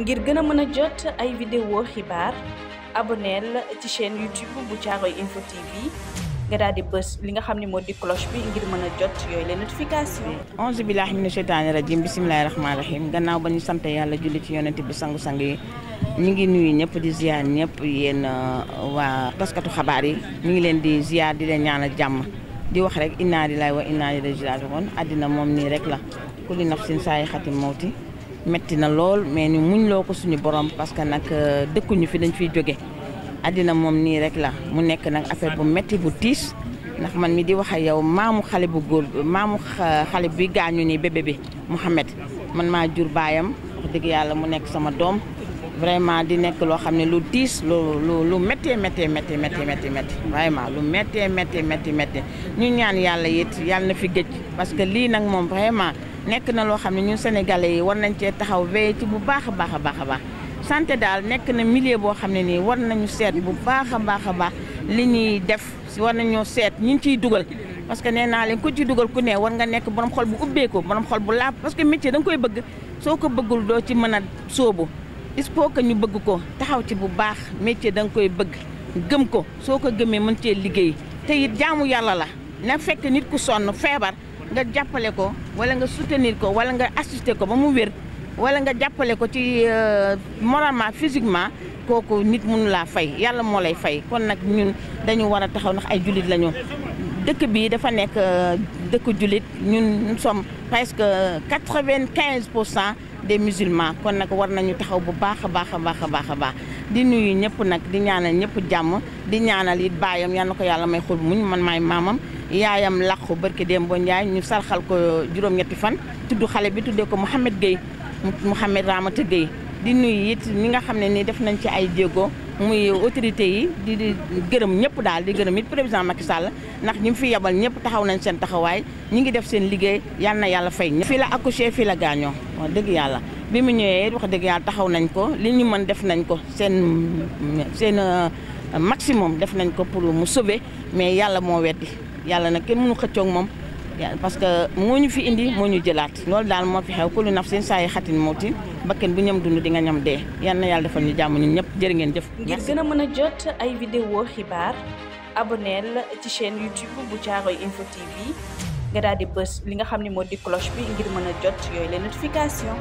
ngir gën a mën a jot ay vidéo xibaar aboneel ci chaîne YouTube bu Caaroy info TV nga daal di bës li nga xam ne moo di cloche bi ngir mën a jot yooyu la notification onze billahi mina sheytaani rajim bisimilahi rahmaani rahim gannaaw ba ñu sant yàlla julli ci yonent bi sangu-sang yi ñu ngi nuyu ñëpp di ziar ñëpp yéen uh, waa taskatu xabaar yi mu ngi leen di ziar di leen ñaanal jàmm di wax rek inna laay wa inna ilayhi raji'un àddina moom nii rek la kulli nafsin saayixatin mawti metti na lol mais ñu muñ loo ko suñu borom parce que nag euh, ñu fi dañ fi joggé adina mom ni rek la mu nekk nak affaire bu metti bu tiss nak man mi di wax ak yow mamu xalé bu gol mamu xalé bi gañu ni bébé bi mohammed man ma jur bayam wax dëgg mu nekk sama dom, vraiment di nekk lo xamné lu tiss lu lu lu metti metti metti metti metti metti vraiment lu metti metti metti metti ñu ñaan yalla yitt yalla na fi gëj parce que li nak mom vraiment nekk na loo xam ne ñun sénégalais yi war nañ cee taxaw veillé ci bu baax a baax a baax a baax santé daal nekk na milieu boo xam ne nii war nañu seet bu baax a baax a baax li ñuy def war nañoo seet ñi ciy dugal parce que nee naa leen ko ci dugal ku nee war nga nekk borom xol bu ubbeeku borom xol bu laab parce que métier da nga koy bëgg soo ko bëggul doo ci mën a sóobu il que ñu bëgg ko taxaw ci bu baax métier da nga koy bëgg gëm ko soo ko gëmee mën cee liggéey te it jaamu yàlla la na fekk nit ku sonn feebar nga jàppale ko wala nga soutenir ko wala nga assister ko ba mu wér wala nga jàppale ko ci euh, moralement physiquement kooku nit mënu laa fay yàlla moo lay fay kon nag ñun dañu war a taxaw ndax ay jullit lañu dëkk bi dafa nekk euh, dëkk jullit ñun nous sommes presque quatre quinze pour cent des musulmans kon nag war nañu taxaw bu baax a baax a baax a baax a baax di nuyu ñëpp nag di ñaanal ñëpp jàmm di ñaanal it baayam yal na ko yàlla may xol bu muñ man maay maamam yaayam làqu barki Demba Ndiaye ñu sarxal ko juróom-ñetti fan tudd xale bi tuddee ko Mouhamed Gueye Mouhamed Ramata Gueye di nuyu yit ñi nga xam ne ni def nañ ci ay jéego muy autorité yi di di gërëm ñëpp daal di gërëm it président Macky Sall ndax ñi mu fi yebal ñëpp taxaw nañ seen taxawaay ñi ngi def seen liggéey yal na yàlla fay ñëpp. fii la accouché fii la gaañoo wax dëgg yàlla bi mu ñëwee wax dëgg yàlla taxaw nañ ko li ñu mën def nañ ko seen seen maximum def nañ ko pour mu sauver mais yàlla moo weddi yàlla nag kenn mënu xëccoog moom. parce que moo ñu fi indi moo ñu jëlaat loolu daal moo fi xew kullu nafsin saa yi xatin mawti bakken bu ñam dund di nga ñam dee yal na yàlla defal ñu jàmm ñu ñëpp jërë ngeen jëf. ngir gën a a jot ay vidéo xibaar aboneel ci chaîne YouTube bu Caaroy info TV nga daal di bës li nga xam ne moo di cloche bi ngir mën a jot yooyu les notifications.